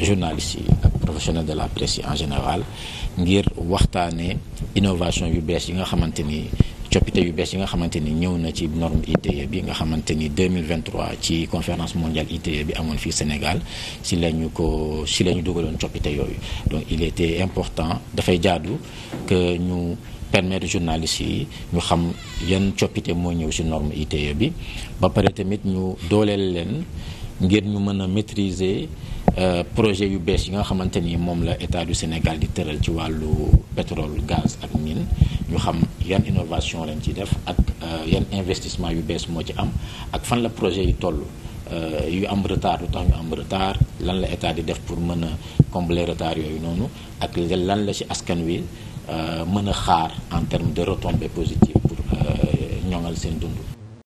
journalistes yi ak professionnels de la presse en général ngir waxtaanee innovation yu bees yi nga xamante ni coppite yu bees yi nga xamante ni ñëw na ci norme ITIE bi nga xamante ni 2023 ci conférence mondiale ITIE bi amoon fii Sénégal si la ñu ko si la ñu dugaloon coppite yooyu donc il était important dafay jaadu que ñu permettre journalistes yi ñu xam yan coppite moo ñëw si norme ITIE bi ba pare tamit ñu dooleel leen ngir ñu mën a maîtriser. Euh, projet yu bees yi nga xamante ni moom la état du Sénégal di tëral ci wàllu pétrole gaz ak mine ñu xam yan innovation lañ ci def ak euh, yan investissement yu bees moo ci am ak fan la projet yi toll euh, yu am retard lu tax ñu am retard lan la état di def pour mën a combler retard yooyu noonu ak lan la ci askan wi mën a xaar en termes de retombées positives pour ñoŋal seen dund.